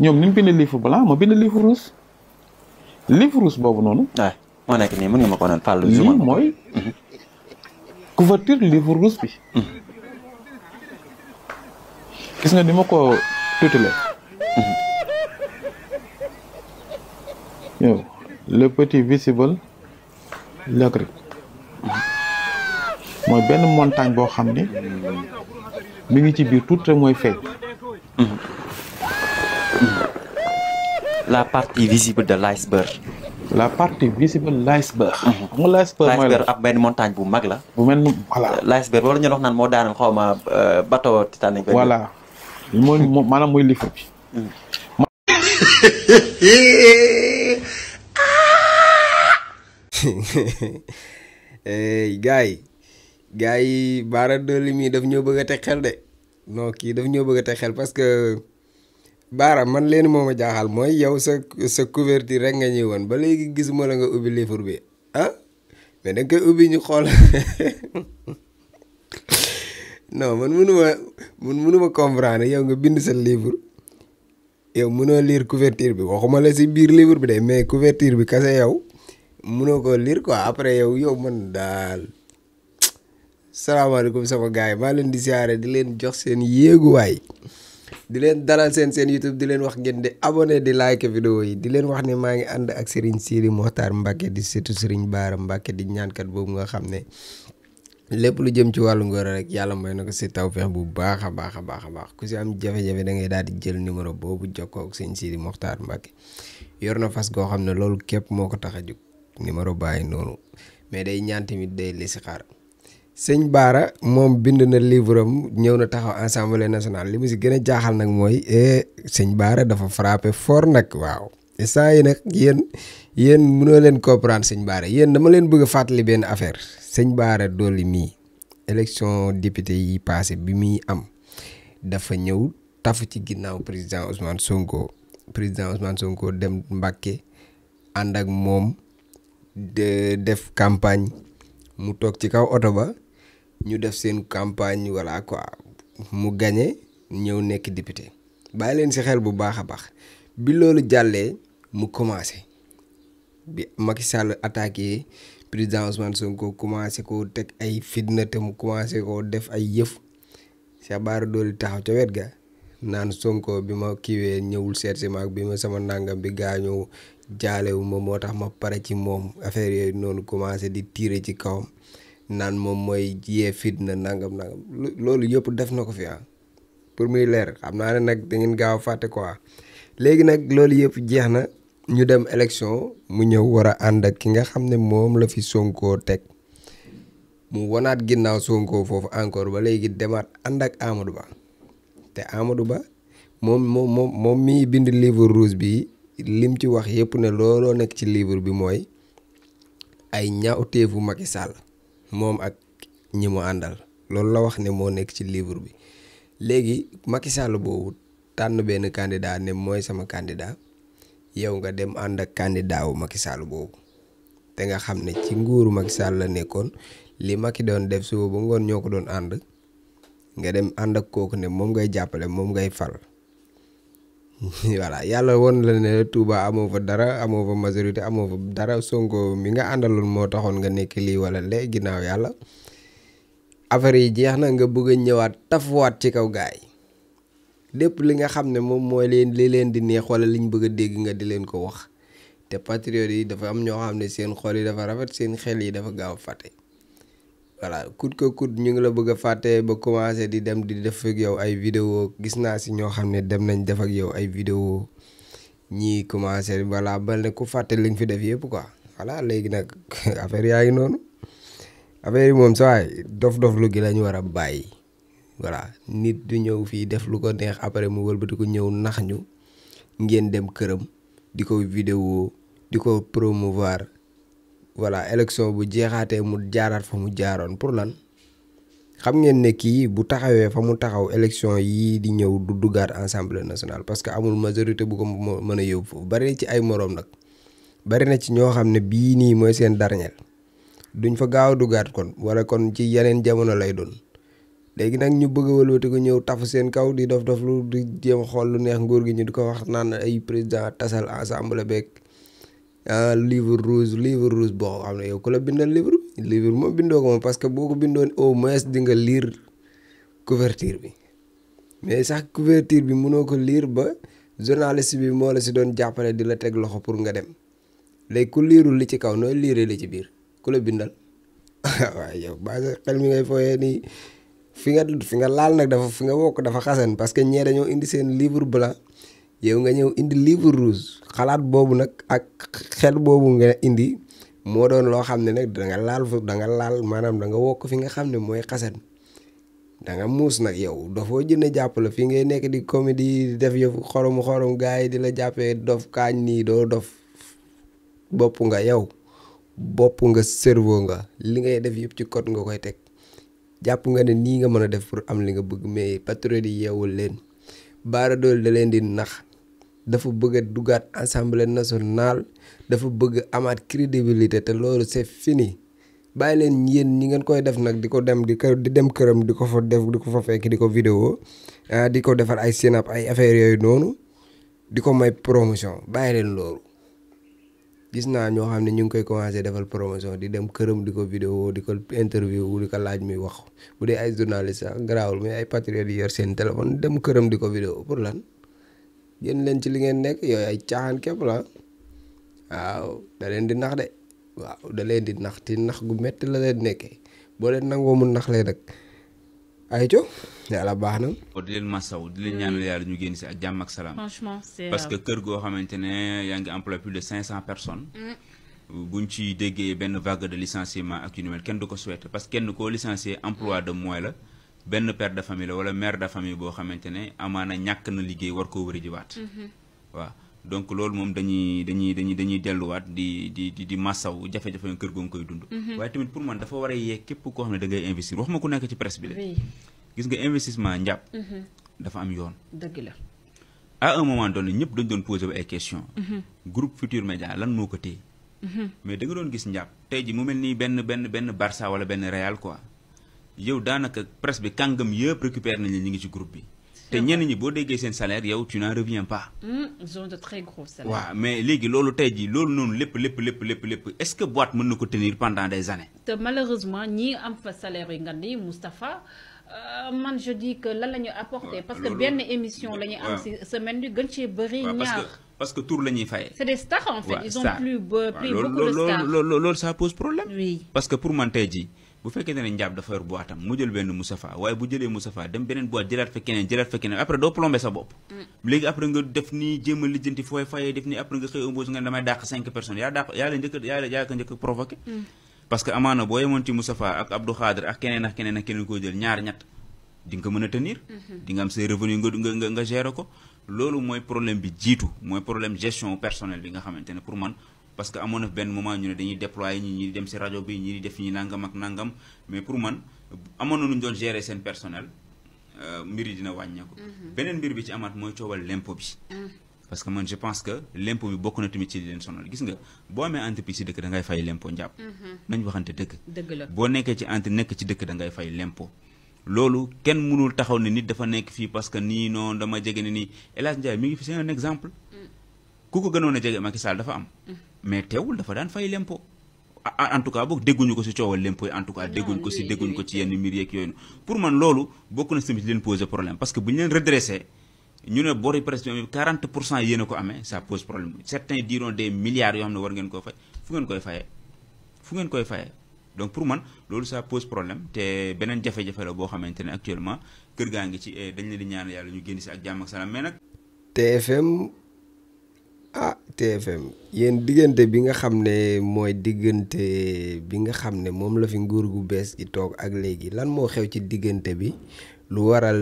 ñoom ni mu bind livre blanc ma bind livre rouge livre rouge boobu noonu. waaw moo nekk nii ma ko doon fàllu. lii mooy mhm. couverture livre rouge bi. Mhm. gis nga ni ma ko tutelee. Mhm. yow le petit visible lacry. mooy benn montagne boo xam ni mi ngi ci biir tuut rek mooy feeñ. la partie visible de l'iceberg. la partie visible l'iceberg. Mm -hmm. l'iceberg mooy la ab montagne bu mag la. bu mel ni voilà. l'iceberg loolu ñu wax naan moo daaneel xaw ma euh, bateau Titanic. voilà mooy maanaam mooy lifa bi. Mhm. gars yi gars yi baara daf ñoo bëgg té xel dé. non ki daf ñoo bëgg té xel parce que. baara man leen moom a jaaxal mooy yow sa sa couverture rek nga ñuy woon ba léegi gisuma la nga ubbi livre bi ah mais da nga ubbi ñu xool non man mënuma man mënuma comprendre yow nga bind sa livre yow mënoo liir couverture bi waxuma la si biir livre bi de mais couverture bi kase yow mënoo ko liir quoi après yow yow man daal salaamaaleykum sama gars yi maa leen di siyaare di leen jox seen yéeguwaay di leen dalal seen seen YouTube di leen wax ngeen di abone di like vidéo yi di leen wax ne maa ngi ànd ak Serigne Siri Mokhtar Mbacke di setu Serigne Baara Mbacke di ñaankat boobu nga xam ne lépp lu jëm ci wàllu ngóor rek yàlla mooy na ko si taw feex bu baax a baax a baax a baax ku si am jafe-jafe da ngay daal di jël numéro boobu jokkoo ak Serigne Siri Mokhtar Mbacke yor na fas koo xam ne loolu képp moo ko tax a jóg numéro bàyyi noonu mais day ñaan tamit day listixaar sëñ Baara moom bind na livre am ñëw na taxaw assemblée national li mu si gën a jaaxal nag mooy eh, sëñ Baara dafa frappé fort nag waaw saa yi nag yéen yéen mënoo leen comprendre sëñ Baara yéen dama leen bëgg a fàttali benn affaire sëñ Baara Dolly mii élection député yi passé bi muy am dafa ñëw tafu ci ginnaaw président Ousmane Sonko président Ousmane Sonko dem Mbàkke ànd ak moom def campagne mu toog ci kaw oto ba ñu def seen campagne voilà quoi mu gañe ñëw nekk député bàyyi leen ci xel bu baax a baax bi loolu jàllee mu commencé bi Macky Sall attaqué président Ousmane Sonko commencé ko teg ay fitna mu commencé ko def ay yëf Cheikh Bara Dolly taxaw ca wet ga naan Sonko bi ma kiiwee ñëwul seet si ma bi ma sama nangam bi gaañoo jaalewuma moo tax ma pare ci moom affaire yooyu noonu commencé di tiire ci kawam naan moom mooy jiyee fitna nangam nangam loolu yëpp def na ko fi ah pour muy leer xam naa ne nag da ngeen gaaw fàtte quoi léegi nag loolu yëpp jeex na ñu dem élection mu ñëw war a ànd ak ki nga xam ne moom la fi Sonko teg mu wanaat ginnaaw Sonko foofu encore ba léegi demaat ànd ak Amadou Ba te Amadou Ba moom moom mii bind livre rouge bi lim ci wax yëpp ne looloo nekk ci livre bi mooy ay mag i Sall moom ak ñi mu àndal loolu la wax ne moo nekk ci livre bi léegi Macky Sall boobu tànn benn candidat ne mooy sama candidat yow nga dem ànd ak candidat wu Macky Sall boobu te nga xam ne ci nguuru Macky Sall la nekkoon li Macky doon def suba ba ngoon ñoo ko doon ànd nga dem ànd ak kooku ne moom ngay jàppale moom ngay fal voilà yàlla woon la ne Touba amoo fa dara amoo fa majorité amoo fa dara Sonko mi nga àndaloon moo taxoon nga nekk lii wala lee ginnaaw yàlla affaire yi jeex na nga bëgg a ñëwaat tafuwaat ci kaw gaay yi lépp li nga xam ne moom mooy leen li leen di neex wala liñ bëgg a dégg nga di leen ko wax te patriote yi dafa am ñoo xam ne seen xol yi dafa rafet seen xel yi dafa gaaw fàtte voilà coûte que coûte ñu ngi la bëgg a fàtte ba commencé di dem di def ak yow ay vidéo gis naa si ñoo xam ne dem nañ def ak yow ay vidéo ñi commencé voilà ba ne ku fàtte li fi def yëpp quoi voilà léegi nag affaire yaa affaire dof-dof lu gi lañ war a voilà nit du ñëw fi def lu ko neex après mu wëlbati ko ñëw nax ñu ngeen dem kerem, di vidéo di promouvoir voilà élection bu jeexaatee mu jaaraat fa mu jaaroon pour lan xam ngeen ne kii bu taxawee fa mu taxaw élection yii di ñëw du duggaat assemblée national parce que amul majorité bu ko mën a yóbbu foofu bari ci ay moroom nag bari na ci ñoo xam ne bii nii mooy seen dernier duñ fa gaaw duggaat kon wala kon ci yeneen jamono lay doon léegi nag ñu bëgg a ko ñëw tafu seen kaw di dof dof lu di jéem xool lu neex nguur gi ñu di ko wax naan ay président tasal assemblée beeg. ah livre rouge livre rouge bo xam yow kula la bindal livre livre mo bindoo ko moom parce que boko ko bindoon au moins di nga lire couverture bi mais sax couverture bi mënoo ko lire ba journaliste bi mo la ci don jappalé di la teg loxo pour nga dem lay ku lire li ci kaw nooy lire li ci bir ku la bindal waaw yow ba nga xel mi ngay fooyee ni fi nga fi nga lal nak dafa fi nga wok dafa xassane parce que ñe dañu indi sen livre blanc yow nga ñew indi livre rouge xalaat bobu nak ak xel bobu nga indi mo doon lo xamne nak da nga laal fa da nga laal manam da nga wok fi nga xamne ne mooy da nga mus nak yow fo jëne japp la fi ngay nekk di comédie def yëfu xorom xorom gaay di la jappé dof kañ ni do dof bop nga yow bop nga cerveau nga li ngay def yëpp ci code nga koy tek japp nga ne nga mëna def pour am li nga bëgg mais patriote yi yewul leen baara dool da leen di nax dafa bëgg a dugaat assemblée nationale dafa bëgg amaat crédibilité te loolu c'est fini bàyyi leen yéen ñi ngeen koy def nag di ko dem di ko di dem këram di ko fa def di ko fa fekk di ko vidéo di ko defar ay synap ay affaires yooyu noonu di ko may promotion bàyyi leen loolu gis naa ñoo xam ne ñu ngi koy commencé defal promotion di këram di ko vidéo di ko interview di ko laaj muy wax bu dee ay journaliste sax garaawul mais ay patriotes yor seen téléphone dem këram di ko vidéo pour lan génn len ci li ngeen nek yoy ay caaxaan kep la waaw da len di nax de waaw da len di nax ti nax gu metti la leen nekkee boo leen nangoo mu nax le rek ay co yàlla baxna na. di len ma saw di len ñaanal yàlla ñu génn ci ak jàmm ak salam franchement parce que keur go xamantene ya nga ngi plus de 500 personnes. Mm. buñ ci déggé ben vague de licenciement ak ñu mel kenn duko souhaiter parce que kenn ko licencier emploi de moins la. benn père de famille la wala mère de famille boo xamante ne amaana ñàkk na liggéey war koo wëri jiwaat mhm. waaw donc loolu moom dañuy dañuy dañuy delluwaat di di di di massaw jafe-jafe nga kër googu koy dund mhm. waaye tamit pour man dafa war a yee képp koo xam ne da ngay investir wax ma ku nekk ci presse bi la gis nga investissement njàpp mhm. dafa am yoon dëgg la à un moment donné ñëpp dañ doon posé ay question groupe Futur Média lan moo ko téye mais da nga doon gis njàpp tey ji mu mel nii benn benn benn Barça wala benn Real quoi yow danaka presse bi kangam yëpp récupère nañ la ñu ngi ci groupe bi. té ñen ñi bo déggé seen salaire yow tu n'en reviens pas. Hmm, ils ont de très gros salaires. wa mais légui lolu tay ji lolu non lepp lepp lepp lepp lepp est-ce que boîte mën na ko tenir pendant des années. té malheureusement ñi am fa salaire yi nga ni euh, man je dis que lan lañu ñu apporté. parce que benn émission lañu am si semaine bi gën ci bëri ñaar. parce que tour lañuy fayé c'est des stars en fait. ils ont plus pris beaucoup de stars. lolu loolu ça pose problème. oui parce que pour man tay ji bu fekkee ne njaab dafa yor boîte am mu jël benn Moustapha waaye bu jëlee Moustapha dem beneen boîte jëlaat fa keneen jëlaat fa keneen après doo plombé sa bopp mm. léegi après nga def nii jéem a lijjanti fooy fayee def nii après nga xëy embauche nga ne damay dàq cinq personnes yaa dàq yaa ko njëkk provoqué mm. parce que amaana boo yemoon ci Moustapha ak Abdou Khadre ak keneen ak keneen ak keneen koo jël ñaar ñett di mën a tenir mm-hmm. di nga am say revenu nga nga nga gérer ko mooy problème bi jiitu mooy problème gestion personnel bi nga xamante ne pour man parce que amoon ben moment ñu ne dañuy déployer ñi ñi dem ci radio bi ñi def ñi nangam ak nangam mais pour man amono na ñu doon gérer sen personnel euh yi dina wàññeeku. Mhm. benen mbir bi ci amat moy coowal l'impôt bi. Mm. parce que man je pense que l'impôt bi bokk na tamit ci li sonal gis nga boo amee entreprise ci dëkk da ngay fay l'impôt njàpp. Mhm. nañ waxante dëkk. dëgg la boo nekkee ci entre nekk ci dëkk da ngay fay l'impôt lolu kenn mënul taxaw ni nit dafa nekk fi parce que ni non dama jege ni nii El Hadj Ndiaye mi ngi fi c'est un exemple. Mm. ku ko gënoon a jege Macky Sall dafa am. Mm. mais teewul dafa daan fay lempo en tout cas boog dégguñu ko si coowal lempo yi en tout cas dégguñu ko si dégguñu ko ci yenn mbir yeeg yooyu pour man loolu bokk na tamit leen poser problème parce que bu ñu leen redressé ñu ne bori presque 40 pour cent yéen a ko amee ça pose problème certains diront des milliards yoo xam ne war ngeen koo fay fu ngeen koy fayee fu ngeen koy fayee donc pour man loolu sa pose problème te beneen jafe-jafe la boo xamante ne actuellement kër gaa ngi ci dañ leen di ñaan yàlla ñu génn si ak jàmm ak salaam ah tfm yen digënté bi nga xamné moy digënté bi nga xamné mom la fi nguur gu bees di tok ak légui lan mo xew ci digënté bi lu waral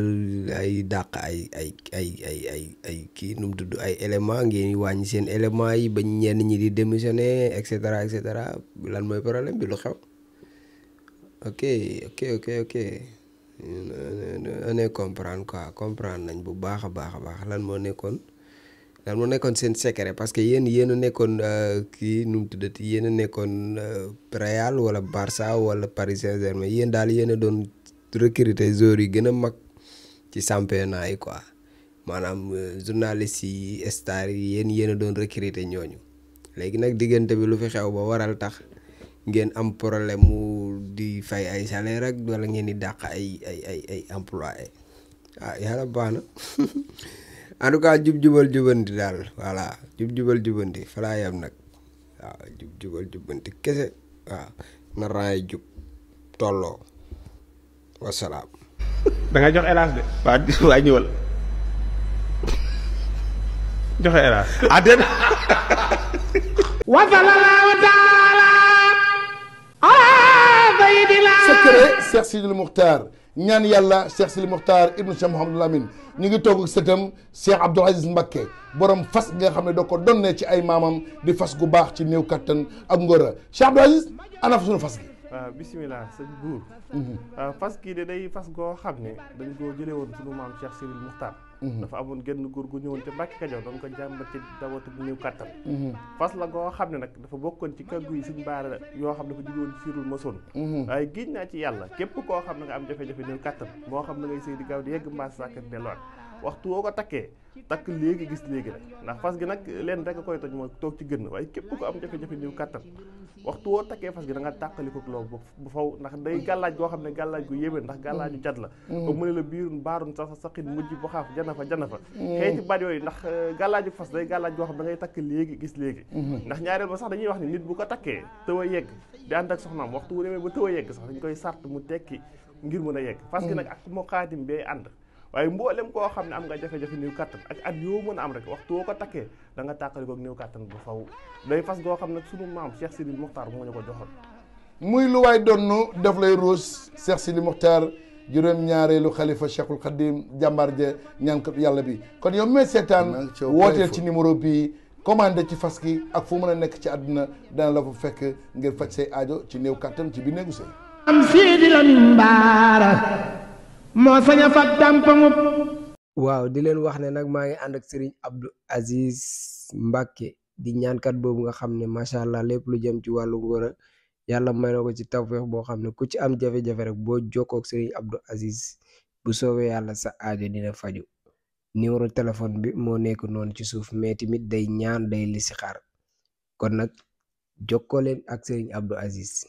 ay daq ay ay ay ay ay ay ki num tuddu ay élément ngeen wañi seen élément yi ba ñenn ñi di démissioner et cetera et cetera lan moy problème bi lu xew ok ok ok ok ane comprendre quoi comprendre nañ bu baaxa baaxa baax lan mo nekkoon lan moo nekkoon seen secret parce que yéen yéen nekkoon euh, kii nu mu tuddati yéen a nekkoon euh, Real wala Barça wala Paris Saint-Germain yéen daal yéen a doon recruter joueurs yi gën a mag ci championnat yi quoi maanaam euh, journaliste yi star yi yéen yéen a doon recruter ñooñu léegi nag diggante bi lu fi xew ba waral tax ngeen am problème mu di fay ay salaire rek walla ngeen di dàq ay ay ay ay employé ah baax na en tout cas jub jubal jubandi dal, voilà jub jubal jubandi fala yam nak waaw jub jubal jubandi kese waaw na ray jub wa salam da nga jox hélas de waa waa ñëwal joxe hélas ah déet wa taala ala sayyidina Cheikh Sidil Mukhtar ñaan yàlla Cheikh Sili Muxtaar ibnu Cheikh Mouhamadul Amin ñu ngi toog ak sëtam Cheikh Abdoul Aziz Mbakke borom fas gi nga xam ne da ko donnee ci ay maamam di fas gu baax ci néew kattan ak ngóor a Cheikh Abdoul Aziz ana fa sunu fas gi. waaw ah, bisimilah sëñ buur. Mhm. Ah, fas gi de day fas goo xam ne dañ koo jëlee woon ci sunu maam Cheikh Sili Muxtaar. Mm-hmm. dafa amoon genn góor gu ñëwoon te Mbàkke Kajoor doon ko jàmbat ci dawatu bu néew kattan mm-hmm. fas la goo xam ne nag dafa bokkoon ci kàggu yi suñ baara yoo xam dafa jugoon siirul masoon mm-hmm. waaye giñ naa ci yàlla képp koo xam ne nga am jafe-jafe néew kattan moo xam na ngay sëy di gaaw di yegg mbaas sàkkat delluwaat waxtu woo ko takkee takk léegi gis léegi rek ndax fas gi nag leen rek a koy toj mooy toog ci gën waaye képp ko am jafe-jafe niw kàttan waxtu woo takkee fas gi da nga la ba la goo xam da ngay takk léegi gis léegi mm-hmm. ndax ñaareel ba sax dañuy wax ne nit bu ko takkee tëw a yegg di ànd ak soxnaam waxtu wu demee ba tëw a yegg sax dañ koy sart mu tekki ngir mën a yegg fas gi mm. nag ak moo xaatim bee ànd waaye mboolem koo xam ne am nga jafe-jafe néew kattan ak at yoo mën a am rek waxtu woo ko takkee da nga tàqalikoog néew kattan bu faw day fas goo xam ne sunu maam Cheikh Sidi Mokhtar moo ñu ko joxoon muy lu waay donnu daf lay ruus Cheikh Sidi Mokhtar juróom-ñaareelu xalifa Cheikhul Khadim jàmbaar ja ñaankat yàlla bi kon yow seetaan wooteel ci numéro bii commandé ci fas gi ak fu mën a nekk ci àdduna dana la fa fekk ngir faj say aajo ci néew kattan ci biir néegu sëy am Sidi Lamine Bara moo sañ a fat dàmpaŋub waaw di leen wax ne nag maa ngi ànd ak Serigne Abdou Aziz Mbacke di ñaankat boobu nga xam ne macha allah lépp lu jëm ci wàllu ngóor yàlla may ko ci tawféex boo xam ne ku ci am jafe-jafe rek boo jokkoo ak Serigne Abdou bu soowee yàlla sa aajo dina faju numéro téléphone bi moo nekk noonu ci suuf mais mit day ñaan day listixaar kon nag jokkoo leen ak Serigne Abdou Aziz.